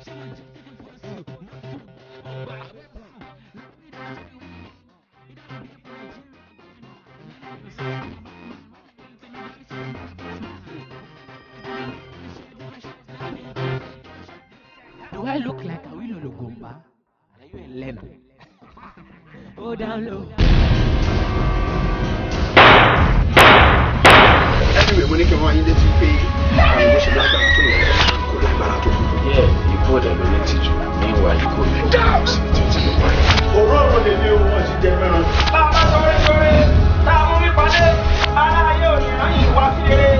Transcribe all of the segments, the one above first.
Do I look like a Awilo Lugumba? Are you a Leno? Go down low. Anyway, mo ní kí wọ́n á yín létí pé àwọn ìgbésẹ̀ lọ́dọ̀ tó lọ. òróòrò lè ní ohun ọ̀sìn jẹ mẹ́rin. bàbá sọ̀rọ̀ sọ̀rọ̀ tá a mú mi padé ara ayé òní rányìn wá sí rere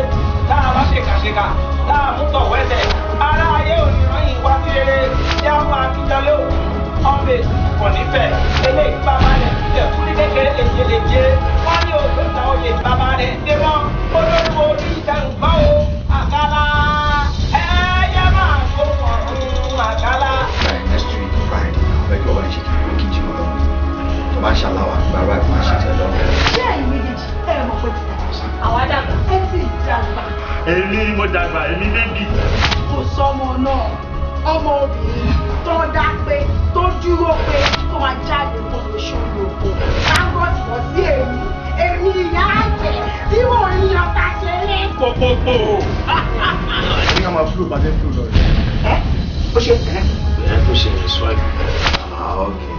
tá a bá ṣèkàṣèkà tá a mú tọ̀ wẹ́sẹ̀ ara ayé òní rányìn wá sí rere yá máa kíjà lóògùn ọ̀bẹ kò nífẹ̀ẹ́ eléyìí bá balẹ̀ ìjẹ̀kú ní kékeré lè ṣe lè jẹ́. mashallah wa bàbá mi máa ṣe tẹ̀lé ọ̀rọ̀. ṣé ẹ̀yin méjèèjì ẹ mọ̀ pé ti dàgbà ṣá. àwa dàgbà. ẹ sì dàgbà. èmi mo dàgbà èmi bébì. kò sọmọ náà ọmọ obìnrin tó dá pé tó dúró pé tó máa jáde fún oṣooṣù òkú. káńgọ́ọ̀tì lọ sí èmi èmi ìyá àjẹ tí mò ń yan ta ṣe lé. pòpòpò. ní ká máa fúlò bá dé fúlò lọ ẹ ẹ ó ṣe ìṣọ́ ah okay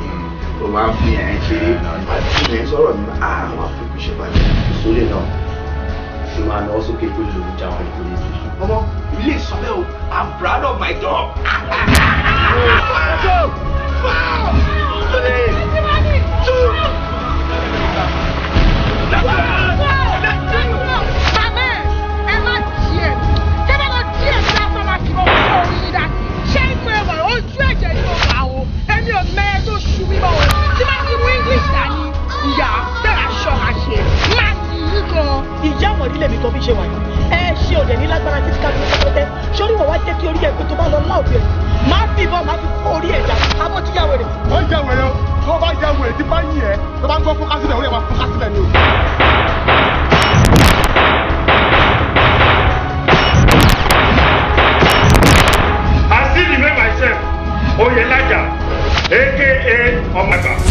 ó máa ń fi ẹ̀yìn ṣeré àti ìyẹn sọ̀rọ̀ nípa ah, àwọn àfikúnṣe bàjẹ́ ìsọ̀lẹ̀ náà ṣe máa sókè tó lòún jáwọn ìpolówó. ọmọ ilé ìsọ̀lẹ̀ o I'm proud of my dog. tó fi ṣe wáyé ẹ ṣe òde ní lágbára títí ká lóko tẹ́tẹ́ sórí wọ́n wá jẹ́ kí orí ẹ̀kú tó bá lọ láòbí ẹ̀ máa fi ìbọn máa fi orí ẹ̀dá abọ́ ti yàwèrè. wọ́n jẹ wèrè o tó bá jẹ wèrè tí bá yìn ẹ́ tó bá ń gbọ́ fún kásílẹ̀ orí ẹ̀ wá ni o. I still remember myself, Oyelaja, aka Ọmọba.